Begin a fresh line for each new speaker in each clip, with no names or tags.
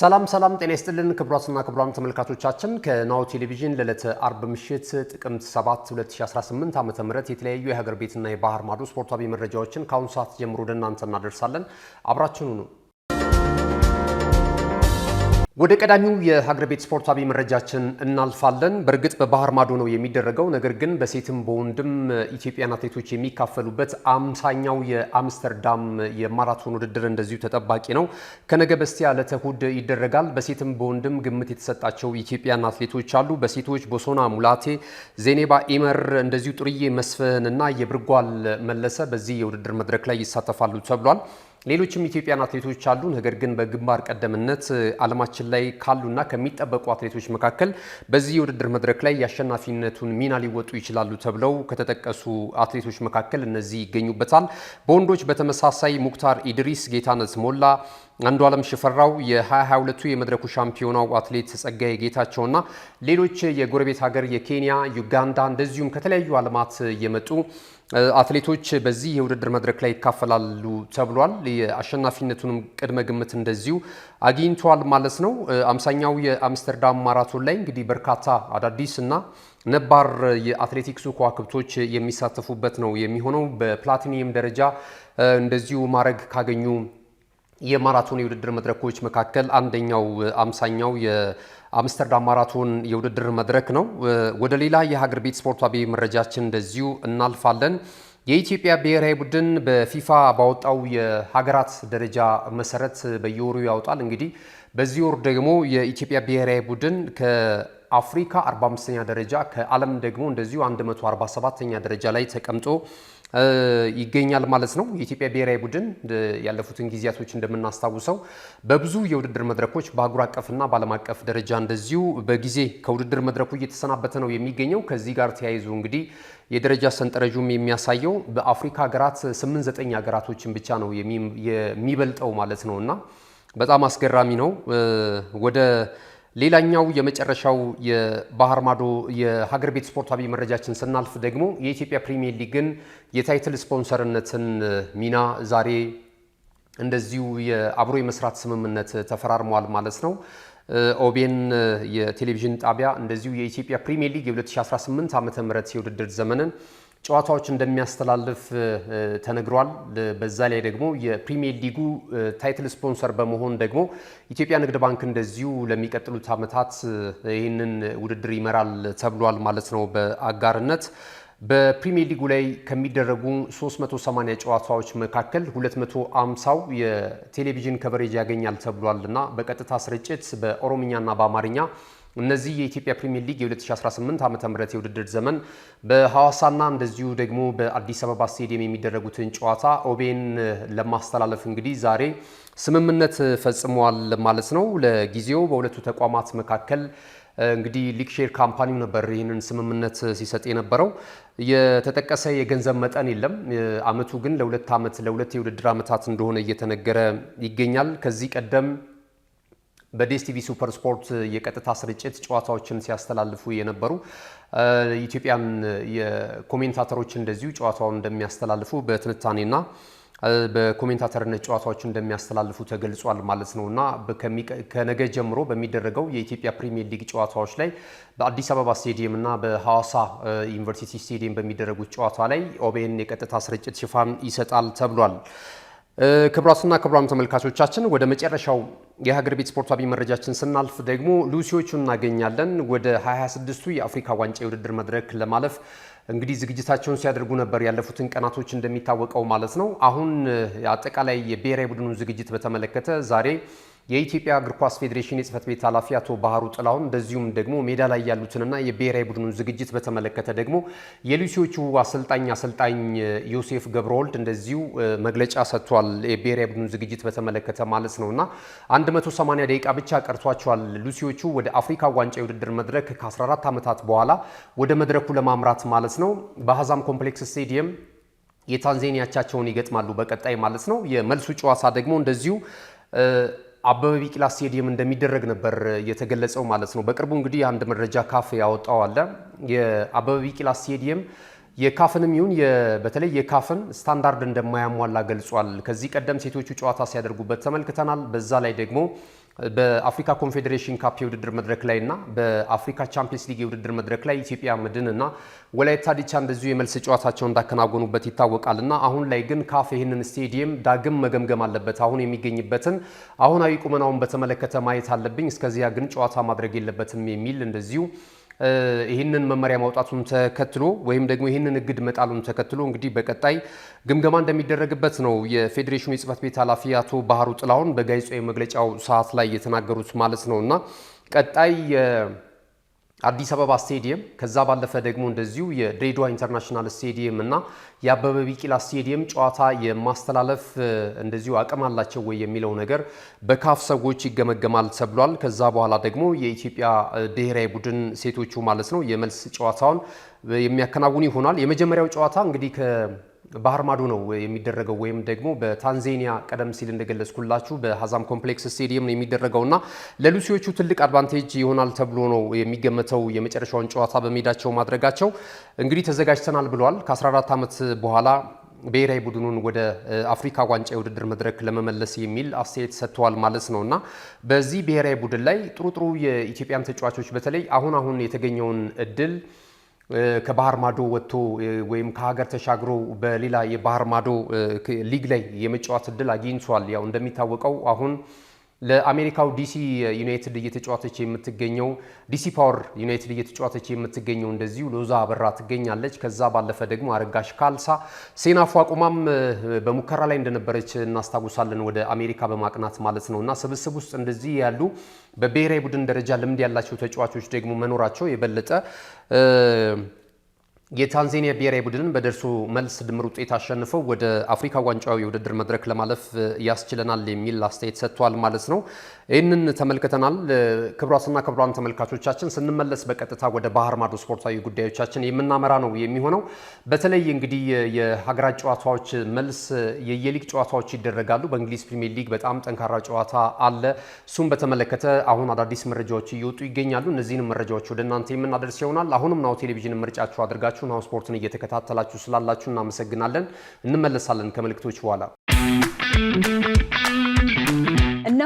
ሰላም ሰላም ጤና ይስጥልን ክቡራትና ክቡራን ተመልካቾቻችን ከናሁ ቴሌቪዥን ለዕለተ አርብ ምሽት ጥቅምት 7 2018 ዓ ም የተለያዩ የሀገር ቤትና የባህር ማዶ ስፖርታዊ መረጃዎችን ከአሁኑ ሰዓት ጀምሮ ወደ እናንተ እናደርሳለን። አብራችሁኑ ወደ ቀዳሚው የሀገር ቤት ስፖርታዊ መረጃችን እናልፋለን። በእርግጥ በባህር ማዶ ነው የሚደረገው፣ ነገር ግን በሴትም በወንድም ኢትዮጵያን አትሌቶች የሚካፈሉበት አምሳኛው የአምስተርዳም የማራቶን ውድድር እንደዚሁ ተጠባቂ ነው። ከነገ በስቲያ ዕለተ እሑድ ይደረጋል። በሴትም በወንድም ግምት የተሰጣቸው ኢትዮጵያን አትሌቶች አሉ። በሴቶች ቦሶና ሙላቴ፣ ዜኔባ ኢመር፣ እንደዚሁ ጥሩዬ እና የብርጓል መለሰ በዚህ የውድድር መድረክ ላይ ይሳተፋሉ ተብሏል። ሌሎችም ኢትዮጵያን አትሌቶች አሉ። ነገር ግን በግንባር ቀደምነት አለማችን ላይ ካሉና ከሚጠበቁ አትሌቶች መካከል በዚህ የውድድር መድረክ ላይ የአሸናፊነቱን ሚና ሊወጡ ይችላሉ ተብለው ከተጠቀሱ አትሌቶች መካከል እነዚህ ይገኙበታል። በወንዶች በተመሳሳይ ሙክታር ኢድሪስ፣ ጌታነት ሞላ አንዱ አለም ሽፈራው የ2022ቱ የመድረኩ ሻምፒዮናው አትሌት ጸጋዬ ጌታቸውና ሌሎች የጎረቤት ሀገር የኬንያ ዩጋንዳ እንደዚሁም ከተለያዩ አለማት የመጡ አትሌቶች በዚህ የውድድር መድረክ ላይ ይካፈላሉ ተብሏል። የአሸናፊነቱንም ቅድመ ግምት እንደዚሁ አግኝቷል ማለት ነው። አምሳኛው የአምስተርዳም ማራቶን ላይ እንግዲህ በርካታ አዳዲስ እና ነባር የአትሌቲክሱ ከዋክብቶች የሚሳተፉበት ነው የሚሆነው። በፕላቲኒየም ደረጃ እንደዚሁ ማድረግ ካገኙ የማራቶን የውድድር መድረኮች መካከል አንደኛው አምሳኛው የአምስተርዳም ማራቶን የውድድር መድረክ ነው። ወደ ሌላ የሀገር ቤት ስፖርታዊ መረጃችን እንደዚሁ እናልፋለን። የኢትዮጵያ ብሔራዊ ቡድን በፊፋ ባወጣው የሀገራት ደረጃ መሰረት በየወሩ ያወጣል። እንግዲህ በዚህ ወር ደግሞ የኢትዮጵያ ብሔራዊ ቡድን ከአፍሪካ 45ኛ ደረጃ ከዓለም ደግሞ እንደዚሁ 147ኛ ደረጃ ላይ ተቀምጦ ይገኛል ማለት ነው። የኢትዮጵያ ብሔራዊ ቡድን ያለፉትን ጊዜያቶች እንደምናስታውሰው በብዙ የውድድር መድረኮች በአህጉር አቀፍና በዓለም አቀፍ ደረጃ እንደዚሁ በጊዜ ከውድድር መድረኩ እየተሰናበተ ነው የሚገኘው። ከዚህ ጋር ተያይዞ እንግዲህ የደረጃ ሰንጠረዡም የሚያሳየው በአፍሪካ ሀገራት 89 ሀገራቶችን ብቻ ነው የሚበልጠው ማለት ነው እና በጣም አስገራሚ ነው ወደ ሌላኛው የመጨረሻው የባህር ማዶ የሀገር ቤት ስፖርታዊ መረጃችን ስናልፍ ደግሞ የኢትዮጵያ ፕሪሚየር ሊግን የታይትል ስፖንሰርነትን ሚና ዛሬ እንደዚሁ የአብሮ የመስራት ስምምነት ተፈራርመዋል ማለት ነው። ኦቤን የቴሌቪዥን ጣቢያ እንደዚሁ የኢትዮጵያ ፕሪሚየር ሊግ የ2018 ዓ ም የውድድር ዘመንን ጨዋታዎች እንደሚያስተላልፍ ተነግሯል። በዛ ላይ ደግሞ የፕሪሚየር ሊጉ ታይትል ስፖንሰር በመሆን ደግሞ ኢትዮጵያ ንግድ ባንክ እንደዚሁ ለሚቀጥሉት ዓመታት ይህንን ውድድር ይመራል ተብሏል ማለት ነው በአጋርነት በፕሪሚየር ሊጉ ላይ ከሚደረጉ 380 ጨዋታዎች መካከል 250ው የቴሌቪዥን ከቨሬጅ ያገኛል ተብሏል እና በቀጥታ ስርጭት በኦሮምኛና በአማርኛ እነዚህ የኢትዮጵያ ፕሪሚየር ሊግ የ2018 ዓ ም የውድድር ዘመን በሐዋሳና እንደዚሁ ደግሞ በአዲስ አበባ ስቴዲየም የሚደረጉትን ጨዋታ ኦቤን ለማስተላለፍ እንግዲህ ዛሬ ስምምነት ፈጽሟል ማለት ነው። ለጊዜው በሁለቱ ተቋማት መካከል እንግዲህ ሊክሼር ካምፓኒው ነበር ይህንን ስምምነት ሲሰጥ የነበረው። የተጠቀሰ የገንዘብ መጠን የለም። አመቱ ግን ለሁለት ዓመት ለሁለት የውድድር ዓመታት እንደሆነ እየተነገረ ይገኛል። ከዚህ ቀደም በዲኤስቲቪ ሱፐር ስፖርት የቀጥታ ስርጭት ጨዋታዎችን ሲያስተላልፉ የነበሩ ኢትዮጵያን የኮሜንታተሮች እንደዚሁ ጨዋታውን እንደሚያስተላልፉ በትንታኔና በኮሜንታተርነት ጨዋታዎች እንደሚያስተላልፉ ተገልጿል ማለት ነው እና ከነገ ጀምሮ በሚደረገው የኢትዮጵያ ፕሪሚየር ሊግ ጨዋታዎች ላይ በአዲስ አበባ ስቴዲየም እና በሐዋሳ ዩኒቨርሲቲ ስቴዲየም በሚደረጉት ጨዋታ ላይ ኦቤን የቀጥታ ስርጭት ሽፋን ይሰጣል ተብሏል። ክቡራትና ክቡራን ተመልካቾቻችን ወደ መጨረሻው የሀገር ቤት ስፖርታዊ መረጃችን ስናልፍ ደግሞ ሉሲዎቹን እናገኛለን። ወደ 26ቱ የአፍሪካ ዋንጫ የውድድር መድረክ ለማለፍ እንግዲህ ዝግጅታቸውን ሲያደርጉ ነበር ያለፉትን ቀናቶች እንደሚታወቀው ማለት ነው። አሁን አጠቃላይ የብሔራዊ ቡድኑ ዝግጅት በተመለከተ ዛሬ የኢትዮጵያ እግር ኳስ ፌዴሬሽን የጽህፈት ቤት ኃላፊ አቶ ባህሩ ጥላሁን እንደዚሁም ደግሞ ሜዳ ላይ ያሉትንና የብሔራዊ ቡድኑን ዝግጅት በተመለከተ ደግሞ የሉሲዎቹ አሰልጣኝ አሰልጣኝ ዮሴፍ ገብረወልድ እንደዚሁ መግለጫ ሰጥቷል። የብሔራዊ ቡድኑን ዝግጅት በተመለከተ ማለት ነውና 180 ደቂቃ ብቻ ቀርቷቸዋል። ሉሲዎቹ ወደ አፍሪካ ዋንጫ የውድድር መድረክ ከ14 ዓመታት በኋላ ወደ መድረኩ ለማምራት ማለት ነው በአዛም ኮምፕሌክስ ስቴዲየም የታንዛኒያቻቸውን ይገጥማሉ በቀጣይ ማለት ነው። የመልሱ ጨዋታ ደግሞ እንደዚሁ አበበ ቢቂላ ስቴዲየም እንደሚደረግ ነበር የተገለጸው ማለት ነው። በቅርቡ እንግዲህ አንድ መረጃ ካፍ ያወጣው አለ። የአበበ ቢቂላ ስቴዲየም የካፍንም ይሁን በተለይ የካፍን ስታንዳርድ እንደማያሟላ ገልጿል። ከዚህ ቀደም ሴቶቹ ጨዋታ ሲያደርጉበት ተመልክተናል። በዛ ላይ ደግሞ በአፍሪካ ኮንፌዴሬሽን ካፕ የውድድር መድረክ ላይ እና በአፍሪካ ቻምፒየንስ ሊግ የውድድር መድረክ ላይ ኢትዮጵያ መድን እና ወላይታ ዲቻ እንደዚሁ የመልስ ጨዋታቸውን እንዳከናወኑበት ይታወቃል እና አሁን ላይ ግን ካፍ ይህንን ስቴዲየም ዳግም መገምገም አለበት። አሁን የሚገኝበትን አሁናዊ ቁመናውን በተመለከተ ማየት አለብኝ፣ እስከዚያ ግን ጨዋታ ማድረግ የለበትም የሚል እንደዚሁ ይህንን መመሪያ ማውጣቱን ተከትሎ ወይም ደግሞ ይህንን እግድ መጣሉን ተከትሎ እንግዲህ በቀጣይ ግምገማ እንደሚደረግበት ነው የፌዴሬሽኑ የጽህፈት ቤት ኃላፊ አቶ ባህሩ ጥላሁን በጋዜጣዊ መግለጫው ሰዓት ላይ የተናገሩት ማለት ነው እና ቀጣይ አዲስ አበባ ስቴዲየም ከዛ ባለፈ ደግሞ እንደዚሁ የድሬዳዋ ኢንተርናሽናል ስቴዲየም እና የአበበ ቢቂላ ስቴዲየም ጨዋታ የማስተላለፍ እንደዚሁ አቅም አላቸው ወይ የሚለው ነገር በካፍ ሰዎች ይገመገማል ተብሏል። ከዛ በኋላ ደግሞ የኢትዮጵያ ብሔራዊ ቡድን ሴቶቹ ማለት ነው የመልስ ጨዋታውን የሚያከናውን ይሆናል። የመጀመሪያው ጨዋታ እንግዲህ ባህር ማዶ ነው የሚደረገው ወይም ደግሞ በታንዛኒያ ቀደም ሲል እንደገለጽኩላችሁ በሀዛም ኮምፕሌክስ ስቴዲየም ነው የሚደረገውና ለሉሲዎቹ ትልቅ አድቫንቴጅ ይሆናል ተብሎ ነው የሚገመተው የመጨረሻውን ጨዋታ በሜዳቸው ማድረጋቸው። እንግዲህ ተዘጋጅተናል ብለዋል። ከ14 ዓመት በኋላ ብሔራዊ ቡድኑን ወደ አፍሪካ ዋንጫ የውድድር መድረክ ለመመለስ የሚል አስተያየት ሰጥተዋል ማለት ነው እና በዚህ ብሔራዊ ቡድን ላይ ጥሩ ጥሩ የኢትዮጵያን ተጫዋቾች በተለይ አሁን አሁን የተገኘውን እድል ከባህር ማዶ ወጥቶ ወይም ከሀገር ተሻግሮ በሌላ የባህር ማዶ ሊግ ላይ የመጫወት እድል አግኝቷል። ያው እንደሚታወቀው አሁን ለአሜሪካው ዲሲ ዩናይትድ እየተጫዋተች የምትገኘው ዲሲ ፓወር ዩናይትድ እየተጫዋተች የምትገኘው እንደዚሁ ሎዛ አበራ ትገኛለች። ከዛ ባለፈ ደግሞ አረጋሽ ካልሳ፣ ሴናፉ አቁማም በሙከራ ላይ እንደነበረች እናስታውሳለን፣ ወደ አሜሪካ በማቅናት ማለት ነው። እና ስብስብ ውስጥ እንደዚህ ያሉ በብሔራዊ ቡድን ደረጃ ልምድ ያላቸው ተጫዋቾች ደግሞ መኖራቸው የበለጠ የታንዛኒያ ብሔራዊ ቡድንን በደርሶ መልስ ድምር ውጤት አሸንፈው ወደ አፍሪካ ዋንጫው የውድድር መድረክ ለማለፍ ያስችለናል የሚል አስተያየት ሰጥቷል ማለት ነው። ይህንን ተመልክተናል። ክብሯስና ክብሯን ተመልካቾቻችን ስንመለስ በቀጥታ ወደ ባህር ማዶ ስፖርታዊ ጉዳዮቻችን የምናመራ ነው የሚሆነው። በተለይ እንግዲህ የሀገራት ጨዋታዎች መልስ የየሊግ ጨዋታዎች ይደረጋሉ። በእንግሊዝ ፕሪሚየር ሊግ በጣም ጠንካራ ጨዋታ አለ። እሱም በተመለከተ አሁን አዳዲስ መረጃዎች እየወጡ ይገኛሉ። እነዚህንም መረጃዎች ወደ እናንተ የምናደርስ ይሆናል። አሁንም ናሁ ቴሌቪዥን ምርጫችሁ አድርጋችሁ ናሁ ስፖርትን እየተከታተላችሁ ስላላችሁ እናመሰግናለን። እንመለሳለን ከመልክቶች በኋላ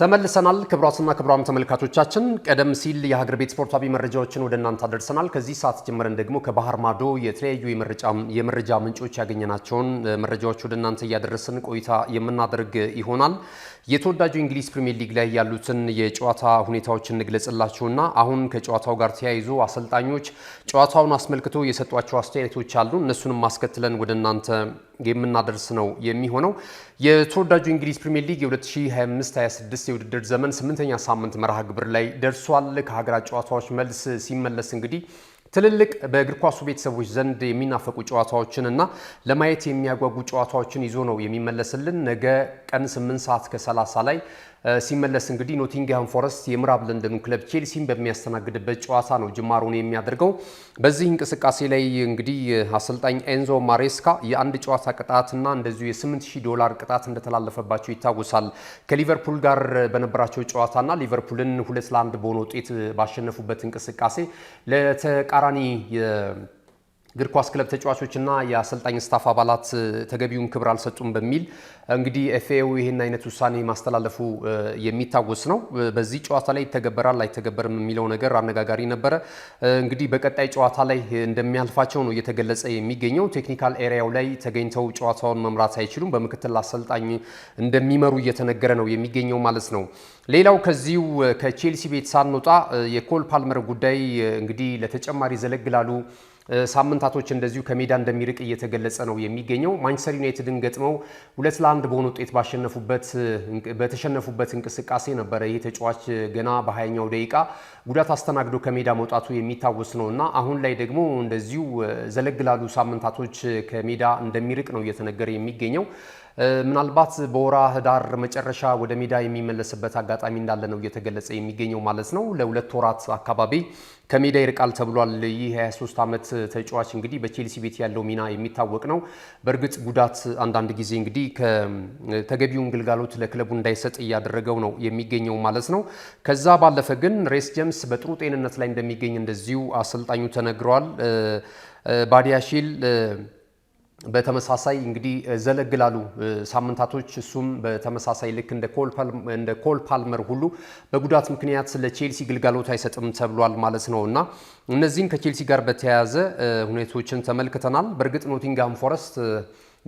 ተመልሰናል። ክቡራትና ክቡራን ተመልካቾቻችን ቀደም ሲል የሀገር ቤት ስፖርታዊ መረጃዎችን ወደ እናንተ አደርሰናል። ከዚህ ሰዓት ጀምረን ደግሞ ከባህር ማዶ የተለያዩ የመረጃ ምንጮች ያገኘናቸውን መረጃዎች ወደ እናንተ እያደረስን ቆይታ የምናደርግ ይሆናል። የተወዳጁ እንግሊዝ ፕሪሚየር ሊግ ላይ ያሉትን የጨዋታ ሁኔታዎችን እንግለጽላችሁና አሁን ከጨዋታው ጋር ተያይዞ አሰልጣኞች ጨዋታውን አስመልክቶ የሰጧቸው አስተያየቶች አሉ። እነሱንም ማስከትለን ወደ እናንተ የምናደርስ ነው የሚሆነው። የተወዳጁ እንግሊዝ ፕሪሚየር ሊግ የ2025/26 የውድድር ዘመን ስምንተኛ ሳምንት መርሃ ግብር ላይ ደርሷል። ከሀገራት ጨዋታዎች መልስ ሲመለስ እንግዲህ ትልልቅ በእግር ኳሱ ቤተሰቦች ዘንድ የሚናፈቁ ጨዋታዎችን እና ለማየት የሚያጓጉ ጨዋታዎችን ይዞ ነው የሚመለስልን። ነገ ቀን 8 ሰዓት ከ30 ላይ ሲመለስ እንግዲህ ኖቲንግሃም ፎረስት የምዕራብ ለንደኑ ክለብ ቼልሲን በሚያስተናግድበት ጨዋታ ነው ጅማሩን የሚያደርገው። በዚህ እንቅስቃሴ ላይ እንግዲህ አሰልጣኝ ኤንዞ ማሬስካ የአንድ ጨዋታ ቅጣትና እንደዚሁ የ8000 ዶላር ቅጣት እንደተላለፈባቸው ይታወሳል። ከሊቨርፑል ጋር በነበራቸው ጨዋታና ሊቨርፑልን ሁለት ለአንድ በሆነ ውጤት ባሸነፉበት እንቅስቃሴ ለተቃራኒ እግር ኳስ ክለብ ተጫዋቾችና የአሰልጣኝ ስታፍ አባላት ተገቢውን ክብር አልሰጡም በሚል እንግዲህ ኤፍኤው ይህን አይነት ውሳኔ ማስተላለፉ የሚታወስ ነው። በዚህ ጨዋታ ላይ ይተገበራል አይተገበርም የሚለው ነገር አነጋጋሪ ነበረ። እንግዲህ በቀጣይ ጨዋታ ላይ እንደሚያልፋቸው ነው እየተገለጸ የሚገኘው። ቴክኒካል ኤሪያው ላይ ተገኝተው ጨዋታውን መምራት አይችሉም። በምክትል አሰልጣኝ እንደሚመሩ እየተነገረ ነው የሚገኘው ማለት ነው። ሌላው ከዚሁ ከቼልሲ ቤት ሳንወጣ የኮል ፓልመር ጉዳይ እንግዲህ ለተጨማሪ ዘለግ ሳምንታቶች እንደዚሁ ከሜዳ እንደሚርቅ እየተገለጸ ነው የሚገኘው። ማንቸስተር ዩናይትድን ገጥመው ሁለት ለአንድ በሆነ ውጤት ባሸነፉበት በተሸነፉበት እንቅስቃሴ ነበረ ይህ ተጫዋች ገና በሀያኛው ደቂቃ ጉዳት አስተናግዶ ከሜዳ መውጣቱ የሚታወስ ነው እና አሁን ላይ ደግሞ እንደዚሁ ዘለግ ላሉ ሳምንታቶች ከሜዳ እንደሚርቅ ነው እየተነገረ የሚገኘው። ምናልባት በወራ ህዳር መጨረሻ ወደ ሜዳ የሚመለስበት አጋጣሚ እንዳለ ነው እየተገለጸ የሚገኘው ማለት ነው። ለሁለት ወራት አካባቢ ከሜዳ ይርቃል ተብሏል። ይህ 23 ዓመት ተጫዋች እንግዲህ በቼልሲ ቤት ያለው ሚና የሚታወቅ ነው። በእርግጥ ጉዳት አንዳንድ ጊዜ እንግዲህ ከተገቢውን ግልጋሎት ለክለቡ እንዳይሰጥ እያደረገው ነው የሚገኘው ማለት ነው። ከዛ ባለፈ ግን ሬስ ጀምስ በጥሩ ጤንነት ላይ እንደሚገኝ እንደዚሁ አሰልጣኙ ተነግረዋል። ባዲያሺል በተመሳሳይ እንግዲህ ዘለግላሉ ሳምንታቶች እሱም በተመሳሳይ ልክ እንደ ኮል ፓልመር ሁሉ በጉዳት ምክንያት ለቼልሲ ግልጋሎት አይሰጥም ተብሏል ማለት ነው እና እነዚህን ከቼልሲ ጋር በተያያዘ ሁኔታዎችን ተመልክተናል። በእርግጥ ኖቲንግሃም ፎረስት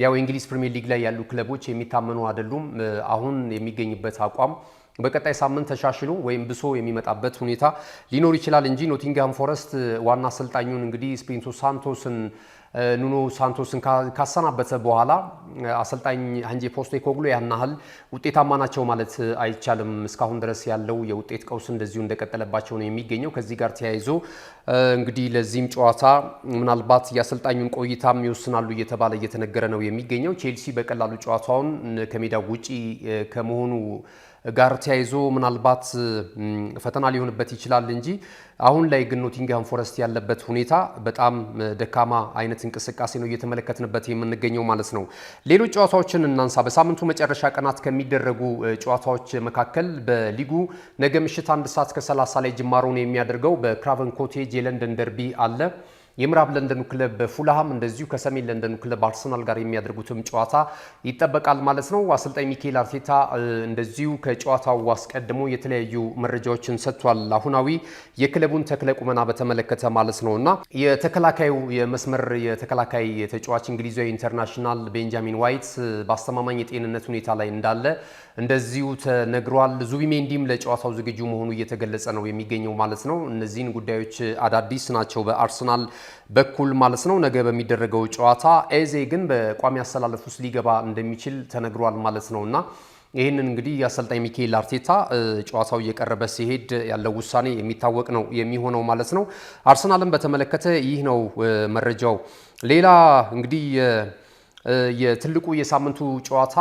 ያው የእንግሊዝ ፕሪሚየር ሊግ ላይ ያሉ ክለቦች የሚታመኑ አይደሉም። አሁን የሚገኝበት አቋም በቀጣይ ሳምንት ተሻሽሎ ወይም ብሶ የሚመጣበት ሁኔታ ሊኖር ይችላል እንጂ ኖቲንግሃም ፎረስት ዋና አሰልጣኙን እንግዲህ ስፔንቶ ሳንቶስን ኑኖ ሳንቶስን ካሰናበተ በኋላ አሰልጣኝ አንጄ ፖስቴኮግሎ ኮግሎ ያናህል ውጤታማ ናቸው ማለት አይቻልም። እስካሁን ድረስ ያለው የውጤት ቀውስ እንደዚሁ እንደቀጠለባቸው ነው የሚገኘው። ከዚህ ጋር ተያይዞ እንግዲህ ለዚህም ጨዋታ ምናልባት የአሰልጣኙን ቆይታም ይወስናሉ እየተባለ እየተነገረ ነው የሚገኘው። ቼልሲ በቀላሉ ጨዋታውን ከሜዳ ውጪ ከመሆኑ ጋር ተያይዞ ምናልባት ፈተና ሊሆንበት ይችላል እንጂ አሁን ላይ ግን ኖቲንግሃም ፎረስት ያለበት ሁኔታ በጣም ደካማ አይነት እንቅስቃሴ ነው እየተመለከትንበት የምንገኘው ማለት ነው። ሌሎች ጨዋታዎችን እናንሳ። በሳምንቱ መጨረሻ ቀናት ከሚደረጉ ጨዋታዎች መካከል በሊጉ ነገ ምሽት አንድ ሰዓት ከ30 ላይ ጅማሮን የሚያደርገው በክራቨን ኮቴጅ የለንደን ደርቢ አለ። የምዕራብ ለንደኑ ክለብ በፉልሃም እንደዚሁ ከሰሜን ለንደኑ ክለብ አርሰናል ጋር የሚያደርጉትም ጨዋታ ይጠበቃል ማለት ነው። አሰልጣኝ ሚካኤል አርቴታ እንደዚሁ ከጨዋታው አስቀድሞ የተለያዩ መረጃዎችን ሰጥቷል። አሁናዊ የክለቡን ተክለ ቁመና በተመለከተ ማለት ነው እና የተከላካዩ የመስመር የተከላካይ ተጫዋች እንግሊዛዊ ኢንተርናሽናል ቤንጃሚን ዋይት በአስተማማኝ የጤንነት ሁኔታ ላይ እንዳለ እንደዚሁ ተነግሯል። ዙቢሜንዲም ለጨዋታው ዝግጁ መሆኑ እየተገለጸ ነው የሚገኘው ማለት ነው። እነዚህን ጉዳዮች አዳዲስ ናቸው በአርሰናል በኩል ማለት ነው። ነገ በሚደረገው ጨዋታ ኤዜ ግን በቋሚ አሰላለፍ ውስጥ ሊገባ እንደሚችል ተነግሯል ማለት ነው እና ይህንን እንግዲህ የአሰልጣኝ ሚካኤል አርቴታ ጨዋታው እየቀረበ ሲሄድ ያለው ውሳኔ የሚታወቅ ነው የሚሆነው ማለት ነው። አርሰናልን በተመለከተ ይህ ነው መረጃው። ሌላ እንግዲህ የትልቁ የሳምንቱ ጨዋታ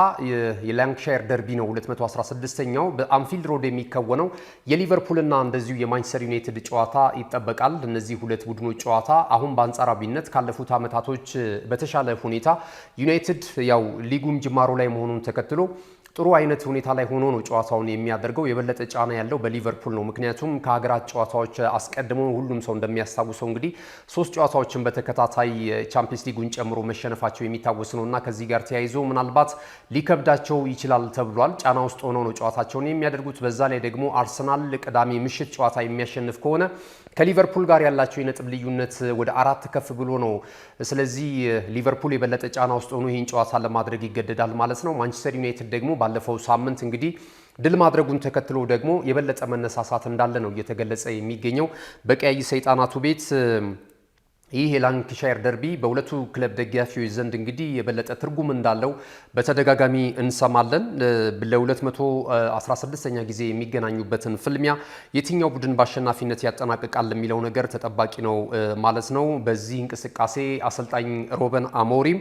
የላንክሻየር ደርቢ ነው። 216ኛው በአንፊልድ ሮድ የሚከወነው የሊቨርፑልና እንደዚሁ የማንቸስተር ዩናይትድ ጨዋታ ይጠበቃል። እነዚህ ሁለት ቡድኖች ጨዋታ አሁን በአንጻራዊነት ካለፉት ዓመታቶች በተሻለ ሁኔታ ዩናይትድ ያው ሊጉም ጅማሮ ላይ መሆኑን ተከትሎ ጥሩ አይነት ሁኔታ ላይ ሆኖ ነው ጨዋታውን የሚያደርገው። የበለጠ ጫና ያለው በሊቨርፑል ነው። ምክንያቱም ከሀገራት ጨዋታዎች አስቀድሞ ሁሉም ሰው እንደሚያስታውሰው እንግዲህ ሶስት ጨዋታዎችን በተከታታይ ቻምፒየንስ ሊጉን ጨምሮ መሸነፋቸው የሚታወስ ነው እና ከዚህ ጋር ተያይዞ ምናልባት ሊከብዳቸው ይችላል ተብሏል። ጫና ውስጥ ሆነው ነው ጨዋታቸውን የሚያደርጉት። በዛ ላይ ደግሞ አርሰናል ቅዳሜ ምሽት ጨዋታ የሚያሸንፍ ከሆነ ከሊቨርፑል ጋር ያላቸው የነጥብ ልዩነት ወደ አራት ከፍ ብሎ ነው። ስለዚህ ሊቨርፑል የበለጠ ጫና ውስጥ ሆኖ ይህን ጨዋታ ለማድረግ ይገደዳል ማለት ነው። ማንቸስተር ዩናይትድ ደግሞ ባለፈው ሳምንት እንግዲህ ድል ማድረጉን ተከትሎ ደግሞ የበለጠ መነሳሳት እንዳለ ነው እየተገለጸ የሚገኘው በቀያይ ሰይጣናቱ ቤት። ይህ የላንክሻየር ደርቢ በሁለቱ ክለብ ደጋፊዎች ዘንድ እንግዲህ የበለጠ ትርጉም እንዳለው በተደጋጋሚ እንሰማለን። ለ216ኛ ጊዜ የሚገናኙበትን ፍልሚያ የትኛው ቡድን በአሸናፊነት ያጠናቅቃል የሚለው ነገር ተጠባቂ ነው ማለት ነው። በዚህ እንቅስቃሴ አሰልጣኝ ሮበን አሞሪም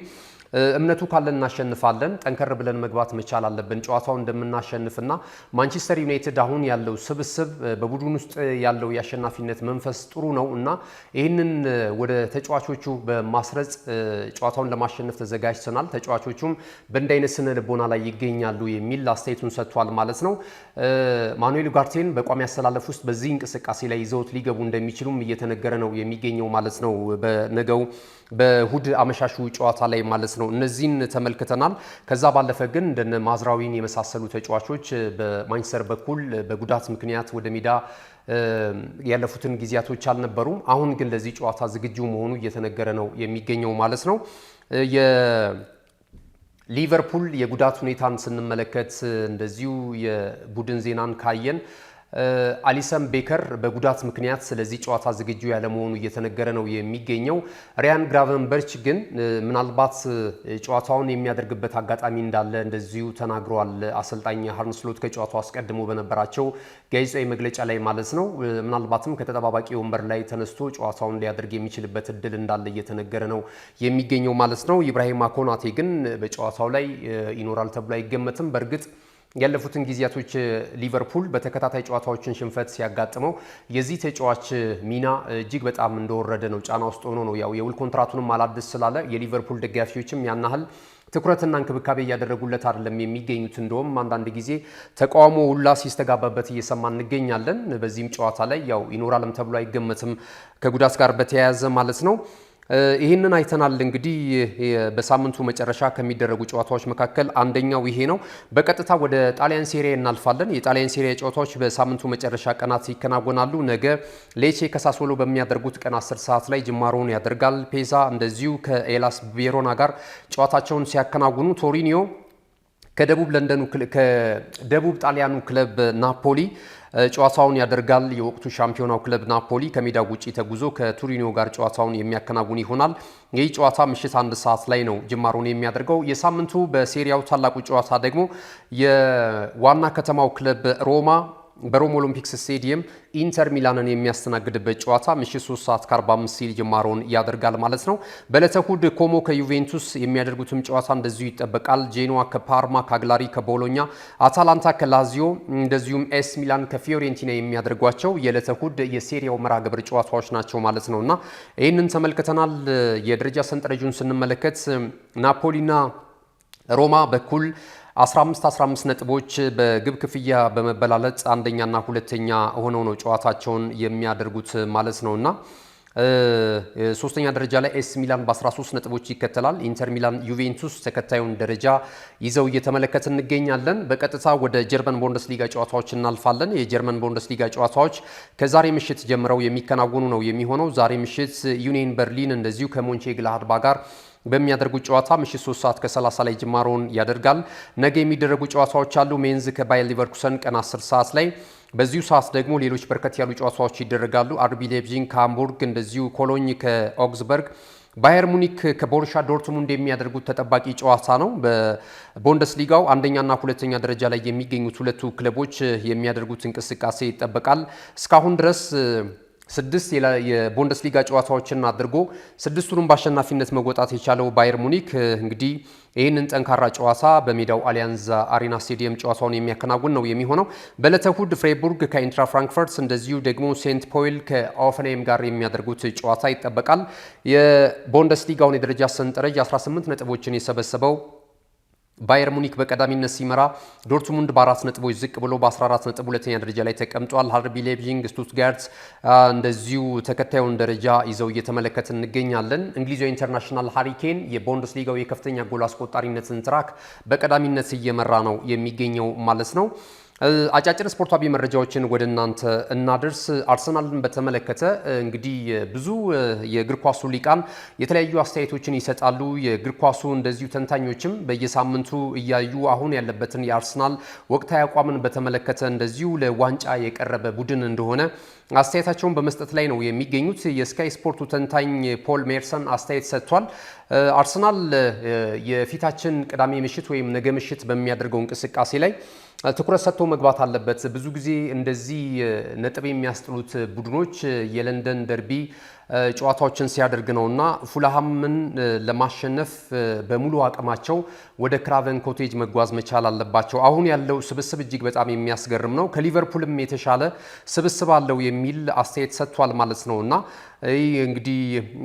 እምነቱ ካለን እናሸንፋለን። ጠንከር ብለን መግባት መቻል አለብን ጨዋታው እንደምናሸንፍና ማንቸስተር ዩናይትድ አሁን ያለው ስብስብ በቡድን ውስጥ ያለው የአሸናፊነት መንፈስ ጥሩ ነው እና ይህንን ወደ ተጫዋቾቹ በማስረጽ ጨዋታውን ለማሸነፍ ተዘጋጅተናል፣ ተጫዋቾቹም በእንዲህ አይነት ስነ ልቦና ላይ ይገኛሉ የሚል አስተያየቱን ሰጥቷል ማለት ነው። ማኑኤል ጋርቴን በቋሚ አሰላለፍ ውስጥ በዚህ እንቅስቃሴ ላይ ይዘውት ሊገቡ እንደሚችሉም እየተነገረ ነው የሚገኘው ማለት ነው በነገው በእሁድ አመሻሹ ጨዋታ ላይ ማለት ነው። ነው። እነዚህን ተመልክተናል። ከዛ ባለፈ ግን እንደነ ማዝራዊን የመሳሰሉ ተጫዋቾች በማንቸስተር በኩል በጉዳት ምክንያት ወደ ሜዳ ያለፉትን ጊዜያቶች አልነበሩም። አሁን ግን ለዚህ ጨዋታ ዝግጁ መሆኑ እየተነገረ ነው የሚገኘው ማለት ነው። የሊቨርፑል የጉዳት ሁኔታን ስንመለከት እንደዚሁ የቡድን ዜናን ካየን አሊሰን ቤከር በጉዳት ምክንያት ስለዚህ ጨዋታ ዝግጁ ያለመሆኑ እየተነገረ ነው የሚገኘው። ሪያን ግራቨንበርች ግን ምናልባት ጨዋታውን የሚያደርግበት አጋጣሚ እንዳለ እንደዚሁ ተናግረዋል። አሰልጣኝ ሀርንስሎት ከጨዋታው አስቀድሞ በነበራቸው ጋዜጣዊ መግለጫ ላይ ማለት ነው። ምናልባትም ከተጠባባቂ ወንበር ላይ ተነስቶ ጨዋታውን ሊያደርግ የሚችልበት እድል እንዳለ እየተነገረ ነው የሚገኘው ማለት ነው። ኢብራሂም አኮናቴ ግን በጨዋታው ላይ ይኖራል ተብሎ አይገመትም። በእርግጥ ያለፉትን ጊዜያቶች ሊቨርፑል በተከታታይ ጨዋታዎችን ሽንፈት ሲያጋጥመው የዚህ ተጫዋች ሚና እጅግ በጣም እንደወረደ ነው። ጫና ውስጥ ሆኖ ነው ያው የውል ኮንትራቱንም አላድስ ስላለ የሊቨርፑል ደጋፊዎችም ያን ትኩረትና እንክብካቤ እያደረጉለት አይደለም የሚገኙት። እንደውም አንዳንድ ጊዜ ተቃውሞ ውላ ሲስተጋባበት እየሰማ እንገኛለን። በዚህም ጨዋታ ላይ ያው ይኖራልም ተብሎ አይገመትም ከጉዳት ጋር በተያያዘ ማለት ነው። ይህንን አይተናል። እንግዲህ በሳምንቱ መጨረሻ ከሚደረጉ ጨዋታዎች መካከል አንደኛው ይሄ ነው። በቀጥታ ወደ ጣሊያን ሴሪያ እናልፋለን። የጣሊያን ሴሪያ ጨዋታዎች በሳምንቱ መጨረሻ ቀናት ይከናወናሉ። ነገ ሌቼ ከሳሶሎ በሚያደርጉት ቀን 10 ሰዓት ላይ ጅማሮውን ያደርጋል። ፔዛ እንደዚሁ ከኤላስ ቬሮና ጋር ጨዋታቸውን ሲያከናውኑ ቶሪኒዮ ከደቡብ ለንደኑ ከደቡብ ጣሊያኑ ክለብ ናፖሊ ጨዋታውን ያደርጋል። የወቅቱ ሻምፒዮናው ክለብ ናፖሊ ከሜዳው ውጪ ተጉዞ ከቱሪኖ ጋር ጨዋታውን የሚያከናውን ይሆናል። ይህ ጨዋታ ምሽት አንድ ሰዓት ላይ ነው ጅማሮን የሚያደርገው። የሳምንቱ በሴሪያው ታላቁ ጨዋታ ደግሞ የዋና ከተማው ክለብ ሮማ በሮም ኦሎምፒክስ ስቴዲየም ኢንተር ሚላንን የሚያስተናግድበት ጨዋታ ምሽት 3 ሰዓት ከ45 ሲል ጅማሮን ያደርጋል ማለት ነው። በዕለተ እሁድ ኮሞ ከዩቬንቱስ የሚያደርጉትም ጨዋታ እንደዚሁ ይጠበቃል። ጄኖዋ ከፓርማ፣ ካግላሪ ከቦሎኛ፣ አታላንታ ከላዚዮ እንደዚሁም ኤስ ሚላን ከፊዮሬንቲና የሚያደርጓቸው የዕለተ እሁድ የሴሪያው መርሃ ግብር ጨዋታዎች ናቸው ማለት ነው እና ይህንን ተመልክተናል። የደረጃ ሰንጠረዡን ስንመለከት ናፖሊና ሮማ በኩል 15 15 ነጥቦች በግብ ክፍያ በመበላለጥ አንደኛና ሁለተኛ ሆነው ነው ጨዋታቸውን የሚያደርጉት ማለት ነውና ሶስተኛ ደረጃ ላይ ኤስ ሚላን በ13 ነጥቦች ይከተላል። ኢንተር ሚላን፣ ዩቬንቱስ ተከታዩን ደረጃ ይዘው እየተመለከት እንገኛለን። በቀጥታ ወደ ጀርመን ቡንደስሊጋ ጨዋታዎች እናልፋለን። የጀርመን ቡንደስሊጋ ጨዋታዎች ከዛሬ ምሽት ጀምረው የሚከናወኑ ነው የሚሆነው። ዛሬ ምሽት ዩኒየን በርሊን እንደዚሁ ከሞንቼ ግላሃድባ ጋር በሚያደርጉት ጨዋታ ምሽት 3 ሰዓት ከ30 ላይ ጅማሮን ያደርጋል። ነገ የሚደረጉ ጨዋታዎች አሉ። ሜንዝ ከባየር ሊቨርኩሰን ቀን 10 ሰዓት ላይ በዚሁ ሰዓት ደግሞ ሌሎች በርከት ያሉ ጨዋታዎች ይደረጋሉ። አርቢ ሌብዚን ከሃምቡርግ፣ እንደዚሁ ኮሎኝ ከኦግስበርግ ባየር ሙኒክ ከቦርሻ ዶርትሙንድ የሚያደርጉት ተጠባቂ ጨዋታ ነው። በቡንደስሊጋው አንደኛና ሁለተኛ ደረጃ ላይ የሚገኙት ሁለቱ ክለቦች የሚያደርጉት እንቅስቃሴ ይጠበቃል። እስካሁን ድረስ ስድስት የቡንደስሊጋ ጨዋታዎችን አድርጎ ስድስቱንም በአሸናፊነት መወጣት የቻለው ባየር ሙኒክ እንግዲህ ይህንን ጠንካራ ጨዋታ በሜዳው አሊያንዝ አሪና ስቴዲየም ጨዋታውን የሚያከናውን ነው የሚሆነው። በዕለተ እሁድ ፍሬቡርግ ከኢንትራ ፍራንክፈርት እንደዚሁ ደግሞ ሴንት ፖይል ከኦፈንሃይም ጋር የሚያደርጉት ጨዋታ ይጠበቃል። የቡንደስሊጋውን የደረጃ ሰንጠረዥ 18 ነጥቦችን የሰበሰበው ባየር ሙኒክ በቀዳሚነት ሲመራ ዶርትሙንድ በአራት ነጥቦች ዝቅ ብሎ በ14 ነጥብ ሁለተኛ ደረጃ ላይ ተቀምጧል። ሀርቢ ሌቪንግ፣ ስቱትጋርት እንደዚሁ ተከታዩን ደረጃ ይዘው እየተመለከት እንገኛለን። እንግሊዛዊ ኢንተርናሽናል ሀሪኬን የቦንደስ ሊጋው የከፍተኛ ጎል አስቆጣሪነትን ትራክ በቀዳሚነት እየመራ ነው የሚገኘው ማለት ነው። አጫጭር ስፖርታዊ መረጃዎችን ወደ እናንተ እናደርስ። አርሰናልን በተመለከተ እንግዲህ ብዙ የእግር ኳሱ ሊቃን የተለያዩ አስተያየቶችን ይሰጣሉ። የእግር ኳሱ እንደዚሁ ተንታኞችም በየሳምንቱ እያዩ አሁን ያለበትን የአርሰናል ወቅታዊ አቋምን በተመለከተ እንደዚሁ ለዋንጫ የቀረበ ቡድን እንደሆነ አስተያየታቸውን በመስጠት ላይ ነው የሚገኙት። የስካይ ስፖርቱ ተንታኝ ፖል ሜርሰን አስተያየት ሰጥቷል። አርሰናል የፊታችን ቅዳሜ ምሽት ወይም ነገ ምሽት በሚያደርገው እንቅስቃሴ ላይ ትኩረት ሰጥቶ መግባት አለበት። ብዙ ጊዜ እንደዚህ ነጥብ የሚያስጥሉት ቡድኖች የለንደን ደርቢ ጨዋታዎችን ሲያደርግ ነው እና ፉልሃምን ለማሸነፍ በሙሉ አቅማቸው ወደ ክራቨን ኮቴጅ መጓዝ መቻል አለባቸው። አሁን ያለው ስብስብ እጅግ በጣም የሚያስገርም ነው። ከሊቨርፑልም የተሻለ ስብስብ አለው የሚል አስተያየት ሰጥቷል ማለት ነው እና እንግዲህ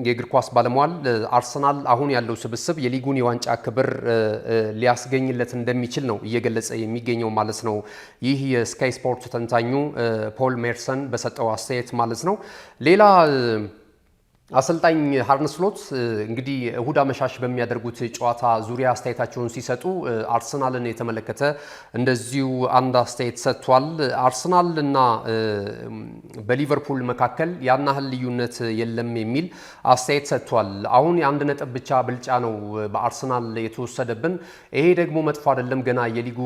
የእግር ኳስ ባለሟል አርሰናል አሁን ያለው ስብስብ የሊጉን የዋንጫ ክብር ሊያስገኝለት እንደሚችል ነው እየገለጸ የሚገኘው ማለት ነው። ይህ የስካይ ስፖርት ተንታኙ ፖል ሜርሰን በሰጠው አስተያየት ማለት ነው። ሌላ አሰልጣኝ ሀርነ እንግዲህ እሁድ አመሻሽ በሚያደርጉት ጨዋታ ዙሪያ አስተያየታቸውን ሲሰጡ አርሰናልን የተመለከተ እንደዚሁ አንድ አስተያየት ሰጥቷል። አርሰናል እና በሊቨርፑል መካከል ያን ያህል ልዩነት የለም የሚል አስተያየት ሰጥቷል። አሁን የአንድ ነጥብ ብቻ ብልጫ ነው በአርሰናል የተወሰደብን። ይሄ ደግሞ መጥፎ አይደለም። ገና የሊጉ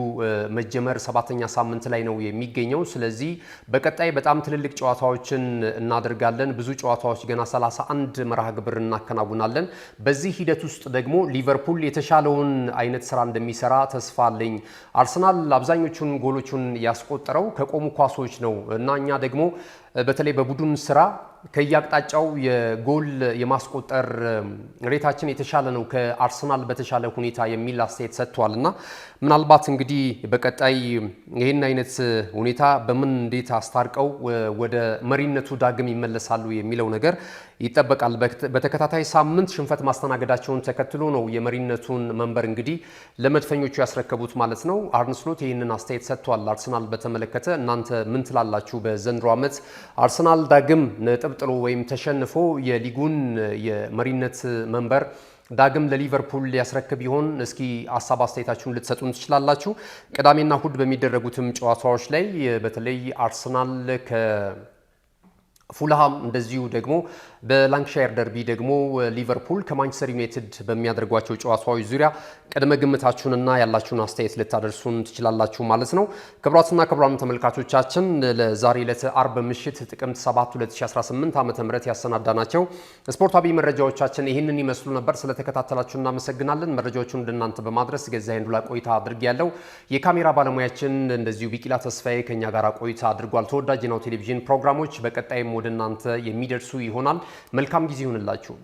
መጀመር ሰባተኛ ሳምንት ላይ ነው የሚገኘው። ስለዚህ በቀጣይ በጣም ትልልቅ ጨዋታዎችን እናደርጋለን። ብዙ ጨዋታዎች ገና 31 አንድ መርሃ ግብር እናከናውናለን። በዚህ ሂደት ውስጥ ደግሞ ሊቨርፑል የተሻለውን አይነት ስራ እንደሚሰራ ተስፋ አለኝ። አርሰናል አብዛኞቹን ጎሎቹን ያስቆጠረው ከቆሙ ኳሶች ነው እና እኛ ደግሞ በተለይ በቡድን ስራ ከየአቅጣጫው የጎል የማስቆጠር ሬታችን የተሻለ ነው ከአርሰናል በተሻለ ሁኔታ የሚል አስተያየት ሰጥቷል እና ምናልባት እንግዲህ በቀጣይ ይህን አይነት ሁኔታ በምን እንዴት አስታርቀው ወደ መሪነቱ ዳግም ይመለሳሉ የሚለው ነገር ይጠበቃል። በተከታታይ ሳምንት ሽንፈት ማስተናገዳቸውን ተከትሎ ነው የመሪነቱን መንበር እንግዲህ ለመድፈኞቹ ያስረከቡት ማለት ነው። አርነ ስሎት ይህንን አስተያየት ሰጥቷል። አርሰናል በተመለከተ እናንተ ምን ትላላችሁ? በዘንድሮ ዓመት አርሰናል ዳግም ነጥብ ጥሎ ወይም ተሸንፎ የሊጉን የመሪነት መንበር ዳግም ለሊቨርፑል ሊያስረክብ ይሆን? እስኪ ሀሳብ አስተያየታችሁን ልትሰጡን ትችላላችሁ። ቅዳሜና እሁድ በሚደረጉትም ጨዋታዎች ላይ በተለይ አርሰናል ከ ፉልሃም እንደዚሁ ደግሞ በላንክሻየር ደርቢ ደግሞ ሊቨርፑል ከማንቸስተር ዩናይትድ በሚያደርጓቸው ጨዋታዎች ዙሪያ ቅድመ ግምታችሁንና ያላችሁን አስተያየት ልታደርሱን ትችላላችሁ ማለት ነው። ክቡራትና ክቡራን ተመልካቾቻችን ለዛሬ ዕለት አርብ ምሽት ጥቅምት 7 2018 ዓ ም ያሰናዳናቸው ስፖርታዊ መረጃዎቻችን ይህንን ይመስሉ ነበር። ስለተከታተላችሁ እናመሰግናለን። መረጃዎቹን ወደ እናንተ በማድረስ ገዛ ሄንዱላ ቆይታ አድርግ ያለው የካሜራ ባለሙያችን እንደዚሁ ቢቂላ ተስፋዬ ከኛ ጋር ቆይታ አድርጓል። ተወዳጅ ናሁ ቴሌቪዥን ፕሮግራሞች በቀጣይም ወደ እናንተ የሚደርሱ ይሆናል። መልካም ጊዜ ይሁንላችሁ።